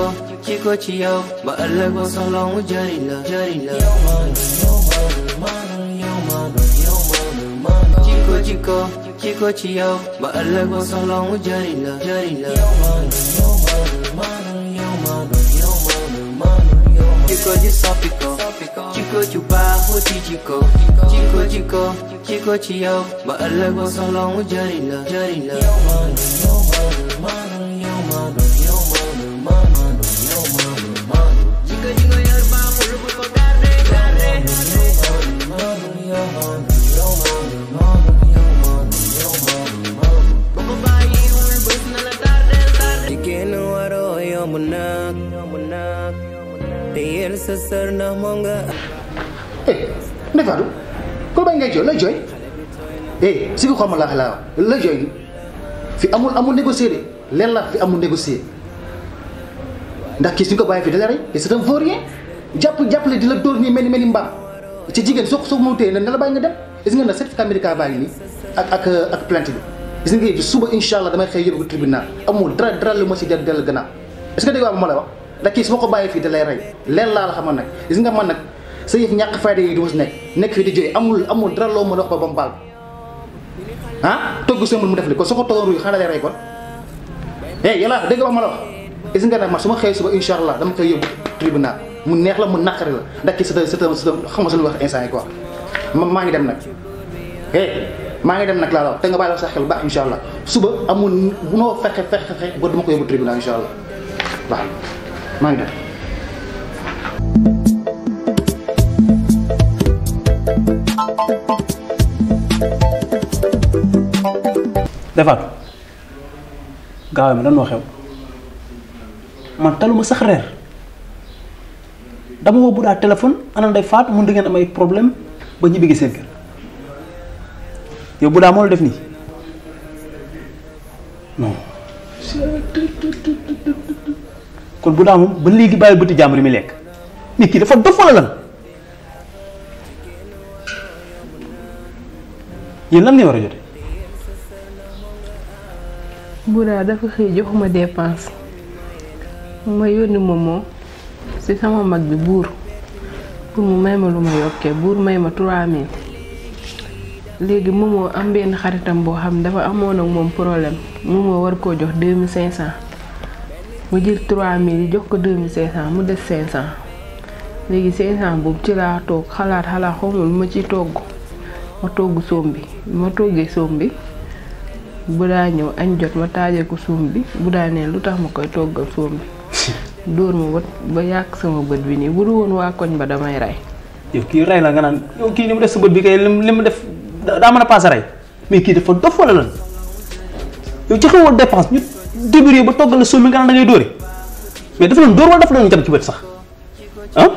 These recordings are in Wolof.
chiều chỉ có chiều mà anh lên qua sau lòng của gia đình là gia đình là chỉ có chỉ có chỉ có chiều mà anh lên qua sau lòng của gia đình là gia đình là chỉ có chỉ sao pico chỉ có chú ba hô chỉ chỉ có chỉ có chỉ có chỉ có chiều mà anh lên qua sau lòng của chơi đình chơi gia waroo yomb naag te yéen sa sër ndax moo nga. eh Ndefadu pour bañ ngay jooy lay jooy eh si bi xamal laa laa lay jooy fi amul amul négocié de leen la fi amul négocié ndax kii suñ ko bàyyi fi dala rey et c'est un vaurien jàpp jàppale di la dóor nii mel ni mel eh. ni mbaam ci jigéen soo ko soo ko moom téye na la bàyyi nga dem gis nga ne certificat médical baa ngi nii ak ak ak bi. gis nga bi suba incha allah damay xëy yóbbu ko tribunal amul dara dara lu ma si del dellu gannaaw est ce que ma la wax da kii su ma ko bàyyi fii da lay rey leen laa la xamal nag gis nga man nag sa yëf ñàkk fayda si nekk nekk fii di jooy amul amul dara loo mën a wax ba ba mu baal togg sëmbul mu def li kon soo ko toogoon ruy xanaa da lay rey kon eh yàlla dégg nga ma la wax gis nga nag man su ma xëyee suba incha allah dama koy yóbbu tribunal mu neex la mu naqari la da kii sa sa sa xam nga sa lu wax instant yi quoi man maa ngi dem nag eh maa ngi dem nag laa la te nga bàyyi la sa xel bu baax incha allah suba amul bu noo fexe fexe fexe ba duma ko yóbbu tribunal incha allah waaw maa ngi dem. defaat gaaw mi lan moo xew man taluma sax reer dama woo bu téléphone ana day faat mun da ngeen am ay problème ba ñibbi gi seen kër yow bu daa moo la def nii kon bu moom ba léegi bàyyi bëti jàmbur yi muy lekk nit ki dafa dof wala lan yéen lan ngay war a jote bu dafa xëy joxuma dépense ma yónni moomoo si sama mag bi buur pour mu may ma lu ma yokkee buur may ma 3000 léegi moomoo am benn xaritam boo xam dafa amoon ak moom problème moo war koo jox deux mille cinq cent mu jël trois mille yi jox ko deux mille cinq cent mu des cinq léegi cinq cent ci laa toog xalaat xalaat xawma lu ma ci togg ma togg soom bi ma toggee soom bi daa ñëw añ jot ma taajee ko soom bi bu daa lu tax ma koy toggal soom bi dóor ma wat ba yàq sama bët bi nii bu du koñ ba damay rey def sa bët bi kay li mu def daa man a paase rey mais kii dafa dof wala lan yow ci xewal dépense ñu débrouillé ba toggal la soo mi nga naan da dóore mais dafa doon dóor wala dafa doon jam ci wet sax ah.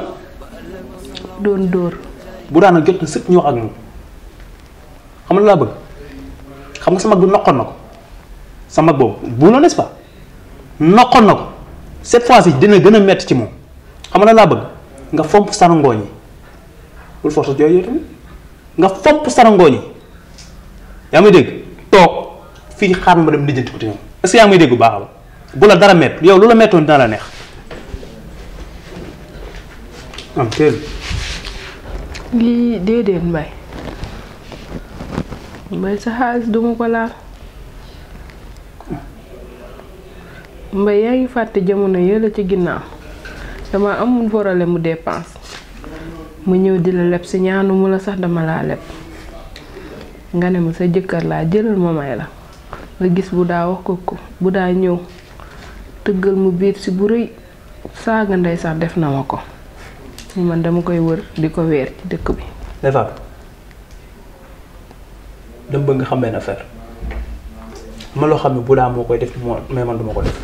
doon dóor. bu daana jot na sëpp ñu wax ak ñun xam nga laa bëgg xam nga sa mag bi noqoon na ko sa mag boobu bu loolu n'est-ce pas na ko cette fois-ci dina gën a metti ci moom xam nga laa bëgg nga fomp sar ngooñ yi bul force jooy yow tamit. nga fopp sarangooñi ya may deg tok fi xam ma dem lijeenti ko ci ñoom est ce ya yaa deg bu baax bu la dara met yow lula la mettoon la neex am teel li déedéet mbay mbay sa haas duma ko la mbay yaa ngi jamono yële ci ginnaw dama amul borale mu dépense mu ñëw di la leb si ñaanu mu la sax dama laa leb nga ne ma sa jëkkër laa jëlal ma may la nga gis bu daa wax ko ko bu daa ñëw tëggal mu biir si bu rëy saaga ndey sax def na ma ko man dama koy wër di ko weer ci dëkk bi. Ndefar dem bëgg xam benn affaire ma lo xamé bu daa moo koy def mo mais man duma ko def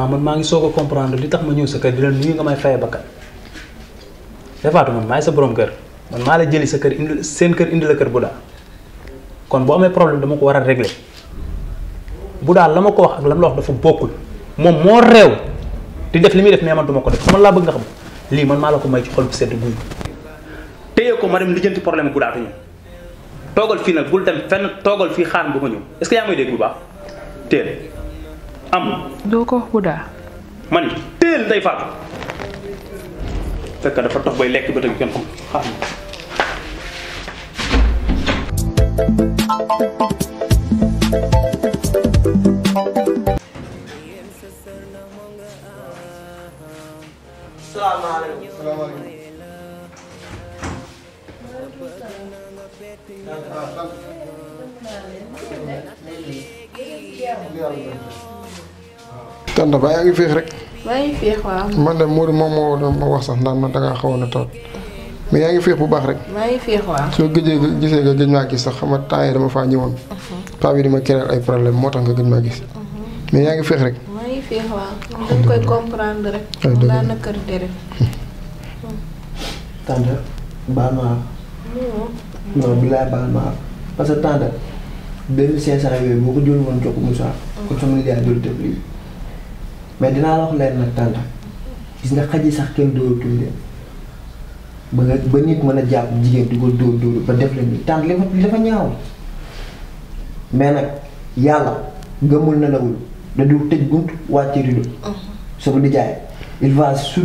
ah man maa ngi soog comprendre li tax ma ñëw sa kër di la nuyu nga may bakkan defaatu man maay sa borom kër man maa la jëli sa kër indi seen kër indi la kër bu daa kon boo amee problème dama ko war a régler bu daal la ma ko wax ak la ma la wax dafa bokkul moom moo réew di def li muy def mais man duma ko def man laa bëgg nga xam lii man maa la ko may ci xol bu sedd guy téye ko ma dem lijjanti problème bu daatu ñu toogal fii nag bul dem fenn toogal fii xaar bu ko ñëw est ce que yaa may dégg bu baax teel am doo ko wax bu daa man teel day faatu fekk dafa tax bay lekk ba tey kenn xam xam tànn ba yaa ngi féex rek maa ngi féex waaw. man de Modou moom moo doon ma wax sax ndax man da ngaa xawoon a toog mais yaa ngi féex bu baax rek. maa ngi féex waaw. soo gëjee gisee nga gëj maa gis sax xam nga temps dama faa ñëwoon. Mhm. paa bi di ma keneen ay problème moo tax nga gëj maa gis. Mhm. mais yaa ngi féex rek. maa ngi féex waaw. dañ koy comprendre rek. ay dëgg la mu naanakante rek. tante baal ma hmm. non bilaay baal ma parce que tante 2500 yooyu boo ko jël woon jox ko Moussa. kon sama nijaay jël tëb mais dinaa la wax leen nag tànta gis nga xaj yi sax kenn dóoratul leen ba nga ba nit mën a jàpp jigéen di ko dóor dóor ba def la tànt li dafa ñaaw mais nag yàlla gëmul nelawul da du tëj bunt wàcce uh-huh. la wax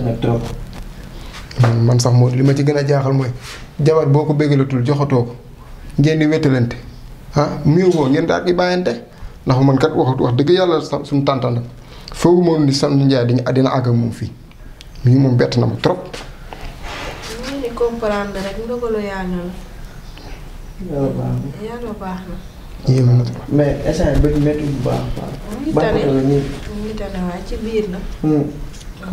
nag trop man sax moo li ma ci gën a jaaxal mooy jabar boo ko bégalatul joxatoo ko ngeen di wéttalante ah wo ngeen daal di bayante ndax man kat waxut wax dëgg yàlla sun tàntan nag foogu moon ni sant njaay di adina àgg moom fii mi moom bett na ma trop comprendre rek ndogalu yàlla ya ya, la yàlla baax na yéem na mais essayé ba metti bu baax baax baax na ni ngi tane waaye ci biir la hmm.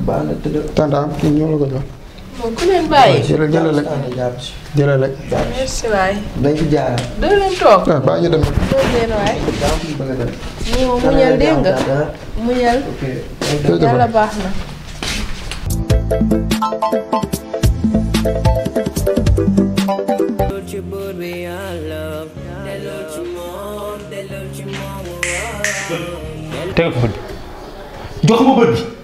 baax na tëdd tantaam ñoo la ko jox moom ku leen bàyyi. jërëjëf merci waay. dañ fi jaar. doo leen toog. waaw ah, baa ñu dem. doo leen nga. muñal. yàlla baax na. teg ko jox ma bët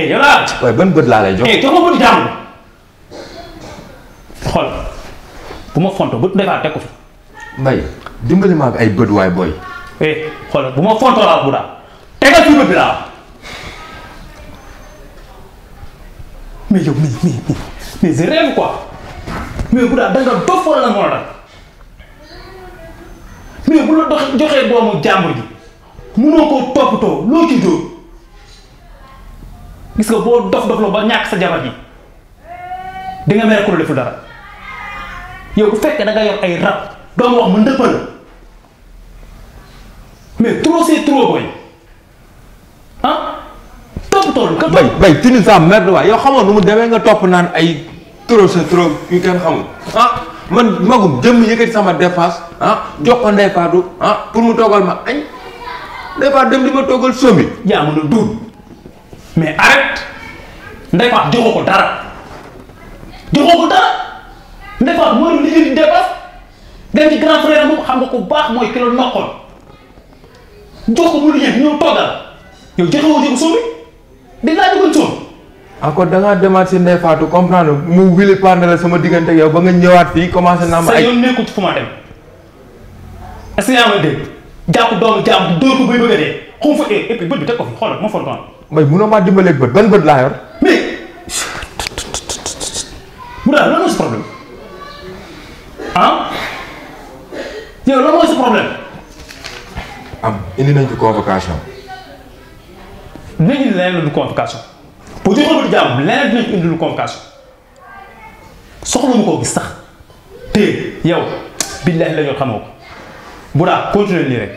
yow laa. waaye ban bët laa lay jox. eh jox ma bët jàmm. xool bu ma fontoo bët defaat teg ko fi. mbay dimbali ma ak ay bët waay booy. eh xool bu ma fontoo laa bu daal tegal ci bët bi laa. mais yow mais mais mais je rêve quoi mais bu daal da nga dof wala moo la mais bu la dox joxee doomu jàmbur ji munoo koo toppatoo loo ci jóg. gis nga boo dof dof lo ba ñàkk sa jabar gi di nga mère ko deful dara yow bu fekkee da nga yor ay rab doom wax mu ndëppal mais trop c'est trop boy ah top top. ka bay bay tinu sa merde wa yow xamoo nu mu demee nga topp naan ay trop c'est trop yu kenn xamul ah man magum jëm yëkëti sama défense ah jox ko ndey faadu ah pour mu togal ma añ ndey faadu dem di ma togal somi yaa mën a mais arrête ndey faat joxoo ko dara joxoo ko dara ndey faat mo ni di dépass dem ci grand frère mo xam nga ko bax moy ki la nokkoon jox mu liggéey yow joxewoo jëm soomi di la jëgal suum encore da nga demat ci ndey faatu comprendre mu wili parler la sama diggante yow ba nga ñëwaat fi commencé na ma ay sa nekkut fu ma dem est ce que yaa ma dégg jàpp doomu ko bëgg a xum fa et puis bët bi tek ko fi mo fa doon may munoo ma dimbalé bët ban bët la yor. mais Ah, daal lan mooy problème ah yow lan mooy ce problème. am indi nañ ci convocation. dinañ indi leneen lu dul convocation boo di bët jàmm leneen dinañ ci indi lu convocation soxlawuñu koo gis sax te yow billahi la ñu xamoo ko bu daal continuer nii rek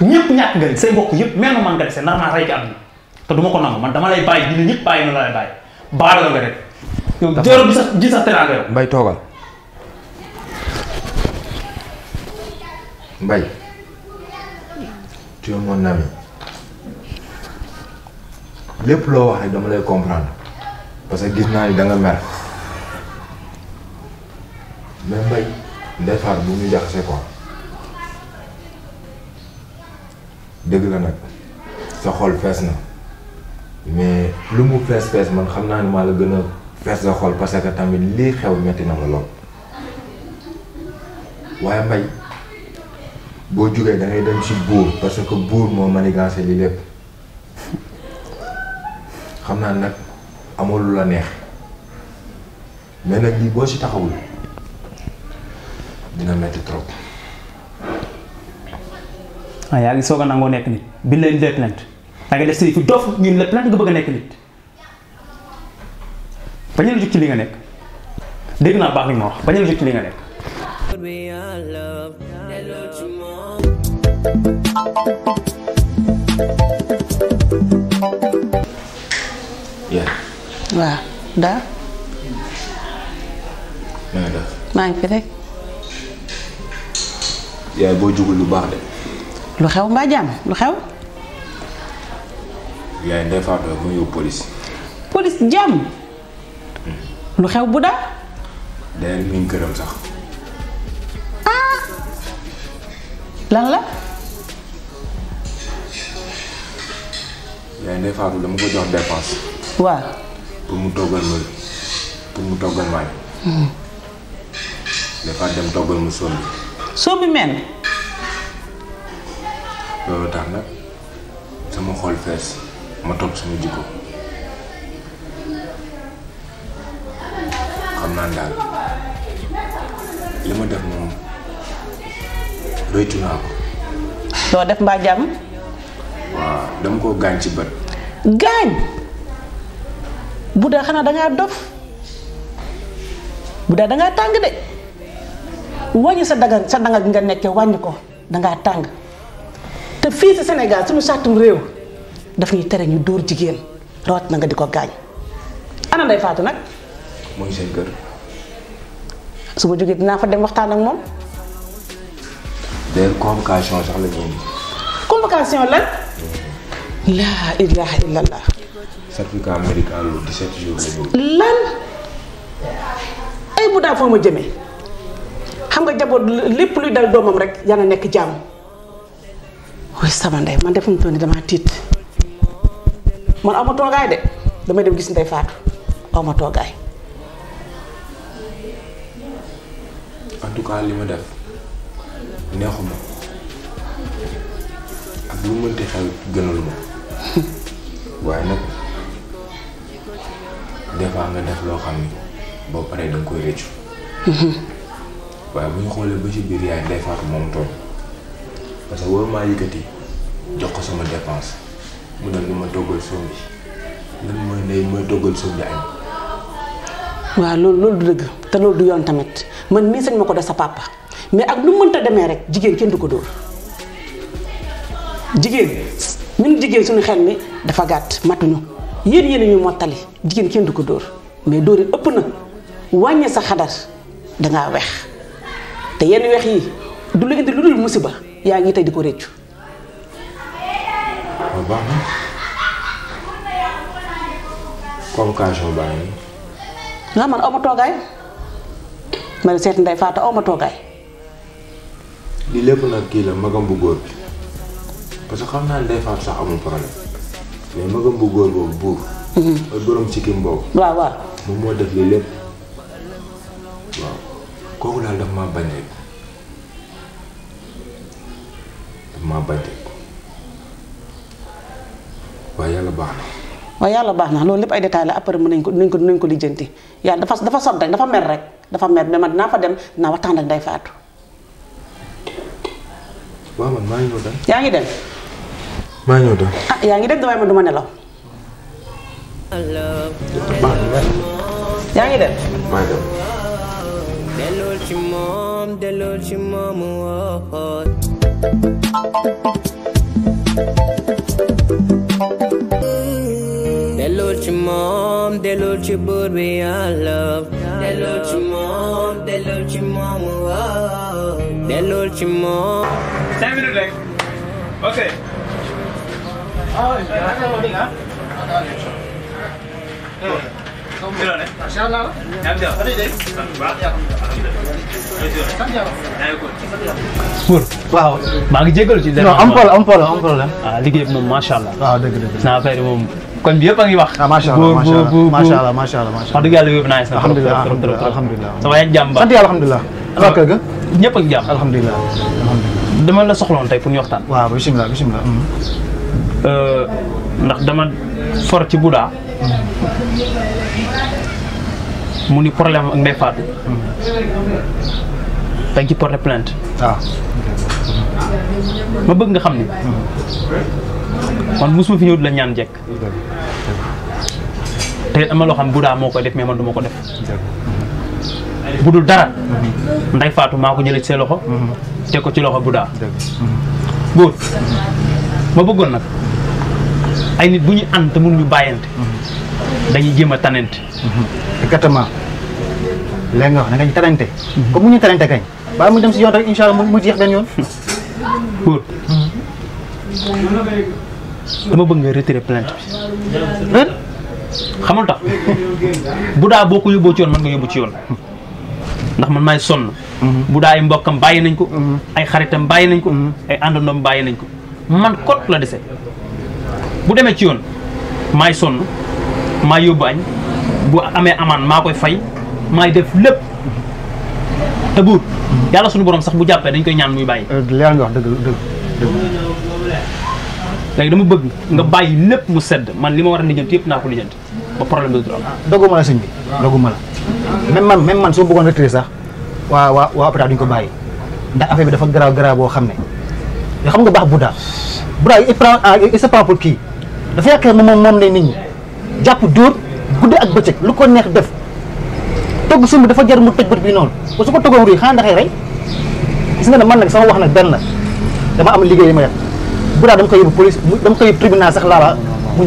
ñëpp ñàkk nga ni say mbokk yëpp man nga ni c'est normal rey ci àdduna te du ma ko nangu man dama lay bàyyi dina ñëpp bàyyi na la lay bàyyi baal la nga def. yow jërër gi sax mbay toogal. mbay. tu es mon lépp loo wax rek dama lay comprendre parce que gis naa ni da nga mer mais mbay Ndeye bu ñu jaxase quoi dëgg la nag sa xol fees na. mais lu mu fees fees man xam naa ne maa la gën a fees la xol parce que tamit lii xew metti na ma lool waaye mbay boo jógee dangay dem ci buur parce que buur moo manigance li lépp xam naa nag amul lu la neex mais nag lii boo ci taxawul dina metti trop. ah yaa ngi soog a nangoo nekk nit bi leen déet da nga def sey fi dof ñun la plan nga bëgg nek nit bañal jug ci li nga nek deg na baax li mo wax bañal jug ci li nga nek nekk waaw da. Ma ngi fi rek yaay boo jugul lu baax de lu xew ma jam, lu xew yaay Ndeye Fatou ma yóbbu police. police jàmm. lu xew bu da day miin këram sax. ah. lan la. yaay Ndeye Fatou dama ko jox dépense. waaw. pour mu toggal ma pour mu toggal ma añ. Hmm. dem toggal mu sombi. sombi mel. loolu tax nag sama xol fees. ma topp sama jikko xam naa daal li ma def moom rëccu naa ko noo def mbaa jàmm waaw dama koo gaañ ci bët gaañ bu dee xanaa dangaa dof bu dee dangaa tàng de wàññi sa dagan sa danga nga nekkee wàññi ko da dangaa tàng te fii si Sénégal suñu sàttum réew daf ñuy tere ñu dóor jigéen rawat na nga di ko gaañ ana nday faatu nag. mooy seen kër. su ma jógee dinaa fa dem waxtaan ak moom. day convocation sax la laa ilaha bu daa foo ma jëmee xam nga jaboot lépp luy dal doomam rek yàlla nekk jàmm. oui sama ndey man defum toon ni damaa tiit. man aw ma toogaay de damay dem gis Ndeye Fatou aw ma toogaay. li ma def neexuma ak lu mënti xel gënal waaye nag des fois nga def loo xam ni boo paree da nga koy rëccu. waaye bu ñu ba ci biir yaay Ndeye Fatou moom toog parce que waru maa yëkkati jox ko sama dépense. mu ne nu ma doggal sombi lan waaw loolu loolu du dëgg te loolu du yoon tamit man mii sañ ma ko def sa pàppa mais ak lu mënta demee rek jigéen kenn du ko dóor jigéen ñun jigéen suñu xel mi dafa gàtt matuñu yéen yéen ñu mottali jigéen kenn du ko dóor mais dóor yi ëpp na wàññi sa xadar dangaa weex te yenn weex yi du la indi lu dul musiba yaa ngi tey di ko réccu Barra? convocation baa ngi. ah man aw ma toogaay man seet ndey Fatou aw ma toogaay. lii lépp nag magam bu parce que problème bu góor borom sikkim boobu. waaw waaw moom moo def lii lépp waaw waye yalla baxna na lepp ay detail la après meun nañ ko nañ ko nañ ko lijjanti yàlla dafa dafa sot rek dafa mer rek dafa mer mais man na fa dem na waxtaan ah, ak day faatu waaw man maa ngi ñëw dem yaa ngi dem ma ngi ñëw dem ah ya ngi dem dama ma du ma nelaw yaa ngi dem ma ngi dem delloo ci moom delloo ci moom woo oh, oh. mom, dello ci burbi I love Dello ci mom, dello ci mom, oh Dello ci mom Sen bir ürek Okey Ay, nerede oldun ha? Nerede? Aşağı lan. Nerede? Hadi gidelim. Bak. మాకు జగ్గులు అంపాలి అంపాలి అంపాలి అలాగే మాషాల్లా దగ్గర నా పేరు kon bi yepp a ngi wax. ah macha allah macha allah macha allah macha allah allah. wax deug yalla yepp naa sax. alhamdullilah alhamdullilah alhamdulilah. sama yaa jamba ba sant yàlla alhamdulilah. waa kër ga. ñëpp ak alhamdullilah alhamdulilah. dama la soxlon tay pour ñu waxtan wa bismillah bismillah hmm. euh ndax dama for ci Bouda. Hmm. mu ni problème ak Ndeye Fatou. Hmm. da nga ci porté plainte. waaw. Ah. ma bëgg nga xamni man musuma fi ñëw di la ñaan jek té am lo xam buda moo koy def mais man duma ko def budul dara mhm. nday fatou mako ñëlé ci loxo mhm. té ko ci loxo buda mhm. góor ma bëggon nak ay nit bu ñu té mënu ñu bàyyante dañuy jëma a tanante exactement léegi nga wax na nga ñu tanante comme mu ñu tanante kañ baa mu dem ci yoon rek inshallah mu jeex ben yoon góor dama bëgg nga retirer plainte bi xamul tax bu daa boo ko yóbboo ci yoon mën nga yóbbu ci yoon ndax man maay sonn mhm. bu daa ay mbokkam bàyyi nañ ko mhm. ay xaritam bàyyi nañ ko mhm. ay àndandoom bàyyi nañ ko man kot la dese bu demee ci yoon maay sonn maay yóbbu añ bu amee amaan maa koy fay maay def lépp te buur yàlla suñu borom sax bu jàppee dañ koy ñaan muy bàyyi euh, leer wax dëgg dëgg légui dama bëgg nga bayyi lepp mu sedd man lima wara nijeent yépp na ko nijeent ba problème du am doguma la señ bi doguma la même man même man so bëggon retraité sax wa wa wa après duñ ko bayyi ndax affaire bi dafa graw graw bo xamné yo xam nga bax buda buda il prend ah, il se prend pour qui dafa yaké mom mom lay nit ñi japp dur gudd ak bëcëk lu ko neex def togg sumb dafa jar mu tej bët bi non ko su ko toggo ri xana da xey ray gis nga man nak sama wax nak ben la dama am liggéey ma def bu daa dama koy yóbbu police dama koy yóbbu tribunal sax laala mu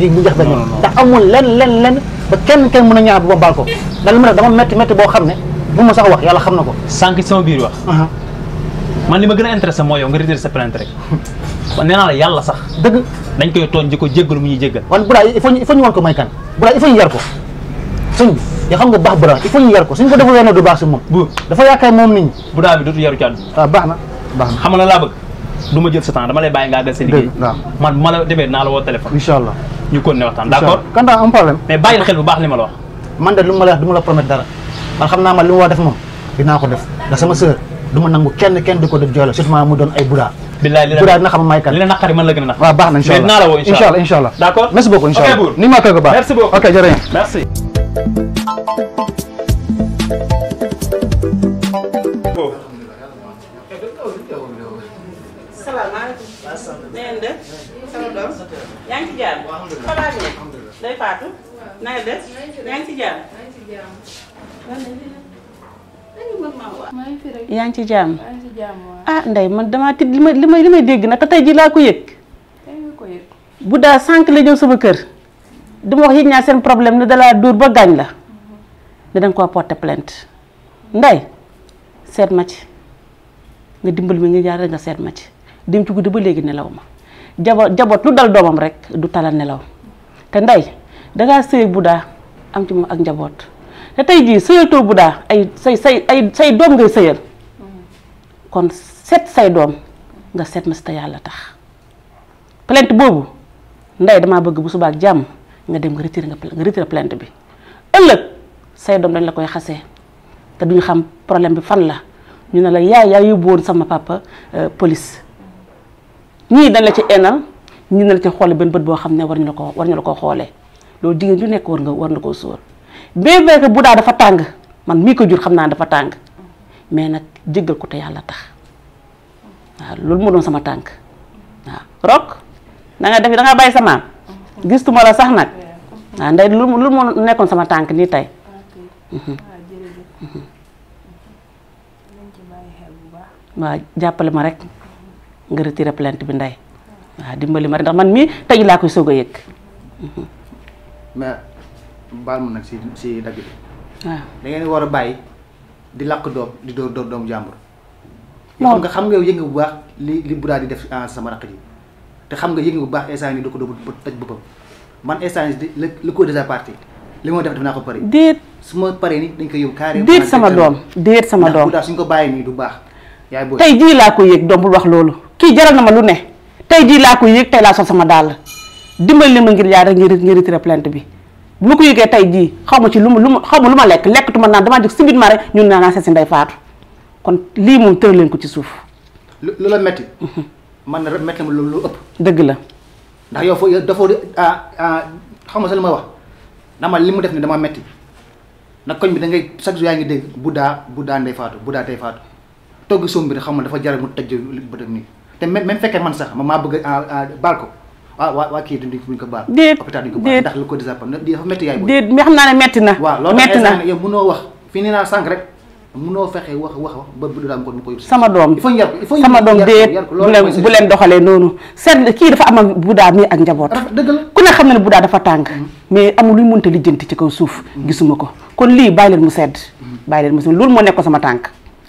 amul len len len ba kenn kenn mën ñaar bu ma baal ko ndax li dama métti métti boo xam bu ma sax wax yàlla xam sama biir wax man li ma gën intéressé mooy yow nga retiré sa plainte rek nee la yàlla sax dëgg dañ koy tooñ di ko mu ñuy jéggal wan bu daa il faut il faut ñu wan ko mooy kan bu daa il faut ñu yar ko sëñ xam nga bu il faut ñu yar ko suñ ko du dafa ah, nit ñi bu bi yaru ci na xam nah. la bëgg du ma jël sa temps dama lay bàyyi ngaa def sa liggéey man bu ma la demee naa la woo téléphone incha allah ñu continuer waxtaan d'accord kantaa xel bu baax li ma la wax man lu ma la dara man xam naa man def moom dinaa ko def ndax sama sœur du nangu kenn kenn di ko def jooy la surtout mu doon ay budaa bilaay li xam may kan li la la na incha allah woo incha allah incha merci beaucoup incha maa koy ko baax merci beaucoup ok jërëjëf salaamaaleykum. na ngeen def. sama yang yaa ngi ci jàmm. xalaat ngeen. day faatu. na ngeen def yaa ngi ci jàmm. yang ngi ci jàmm. ah ndey man damaa tiit lima may li may li may dégg nag te tey ji laa ko yëg. bu daa sànq la ñëw sama kër. du ma wax yëg naa seen problème ne dalaa dóor ba gaañ la. dinañ koo porter plainte. ndey seet ma ci nga dimbal mi nga jaar nga seet ma ci dem ci guddiba legui nelaw ma jabo lu dal domam rek du talal nelaw te nday da nga sey buda am ci mom ak njaboot te tay jii sey to buda ay sey sey ay sey dom ngay seyal kon set sey dom, nga set mas ta yalla tax plainte bobu nday dama bëgg bu ak jam nga dem nga retiré nga retiré plainte bi ëllëg sey dom dañ la koy xasse te duñu xam problème bi fan la ñu ne la yaay yaay yu sama papa euh, police ñii dañ la ci enal ñii dañ la ci xolé ben bët bo xam ne war ñu la ko war ñu la ko warni loolu jigéen ju nekk war nga war na koo sóor bien bu da dafa tang man mi ko jur xamna dafa tang mais nak jéggal ko ta yalla tax waaw loolu doon sama gis waaw rok da nga def da nga bay sama gistuma sax nak ndey lool sama tank ni tay waaw marek. ma rek nga retiré plainte bi nday wa dimbali ma ndax man mi tay la koy soog yek mhm. mais baal ma nag si si dagg bi waaw da ngay wara bay di lak do di do do doomu jàmbur non nga xam nga yow yëg bu baax li li bu di def en ah, sama rak ji te xam nga yëg bu baax instant yi du ko do tej bu boppam man instant yi le coup de la partie li ma def def naa ko pare déet suma ma ni dañ ko yow carré déet sama dom déet sama dom doom suñ ko baye ni du baax yaay booy tay jii la ko yëg dom bu wax lolu kii jaral na ma lu ne tey jii laa ko yëg tey laa sol sama dàll dimbali ma ngir yaay rek ngir ngir retiré plainte bi bu ma ko yëgee tey jii xaw ma ci lu ma lu ma xaw ma lu ma lekk lekkatuma naan damaa jóg subitement rek ñun naa naa seet si Ndeye Fatou kon lii moom tëral leen ko ci suuf. lu la metti mhm. man rek metti ma lu ëpp. dëgg la. ndax yow foofu dafa ah, ah, xaw ma sa li may wax ma li mu def ni dama metti nag koñ bi da ngay chaque yaa ngi dégg bu daa bu daa Ndeye Fatou bu daa Ndeye Faatu togg soom bi rek dafa jaral mu tëj ba dem nii. te même même fekkee man sax maa bëgg a baal ko waaw ah, waa waa kii duñ ko baal. déet déet ndax lu ko disapp dafa métti yaay. déet mais xam naa ne métti na. métti na waaw loolu yow mënoo wax fii ba bu daan ko nu ko. sama doom il faut yar il faut sama doom déet bu leen bu leen doxalee noonu. seet kii dafa am ak Bouda ak njaboot. la ku ne xam na ne Bouda dafa tàng. Mm-hmm. mais amul lu ñu lijjanti ci kaw suuf. Mm-hmm. gisuma ko kon lii bàyyi leen mu sedd. Mm-hmm. bàyyi leen mu sedd loolu moo nekk ko sama tànk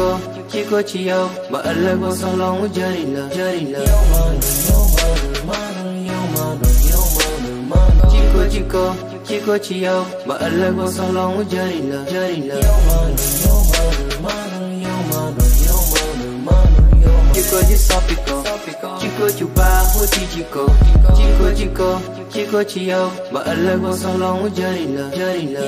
có chỉ có chị yêu mà anh lại qua sông lòng với Jadila Jadila chỉ có chỉ có chỉ có chị yêu mà anh lại qua sông lòng với Jadila Jadila chỉ có chỉ chị Sopico chỉ có chú ba hú chỉ chỉ có chỉ có chỉ có chỉ có chị yêu mà anh lại qua sông lòng với Jadila Jadila